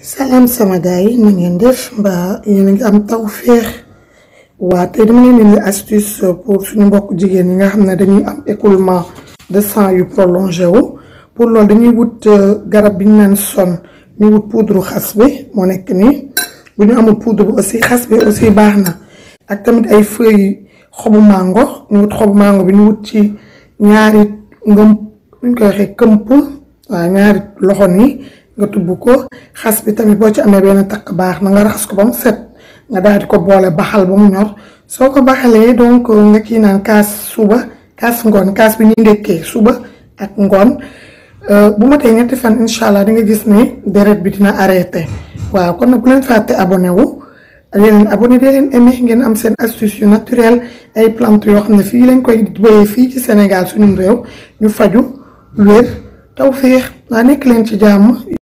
salaam sama gars yi na ngeen def mbaa yéen a ngi am tawféex waa tey dama leen indi astuce pour suñu mbokk jigéen yi nga xam ne dañuy am écoulement de sang yu prolongé wu pour lool dañuy wut euh, garab bi ñu naan son ñu wut poudre xas bi moo nekk nii bu ñu amul poudre bi aussi xas bi aussi baax na ak tamit ay feuilles xobu màngo ñu wut xobu mango bi ñu wut ci ñaari ngëm ñu koy waxee këmp waa ñaari loxo nii nga tubb ko xas bi tamit boo ci amee benn takk baax na nga raxas ko ba mu set nga daal di ko boole baxal ba mu ñor soo ko baxalee donc nga kii naan kaas suba kaas ngoon kaas bi ñu ndekkee suba ak ngoon euh, bu ma tey ñetti fan incha allah di nga gis ni deret bi dina arrêté waaw kon nag bu leen fàtte abonné wu. dee leen abonné leen aimé ngeen am seen astuce yu naturel ay plante yoo xam ne fii lañ koy béyee fii ci Sénégal suñu réew ñu faju wér taw féex naa ci jàmm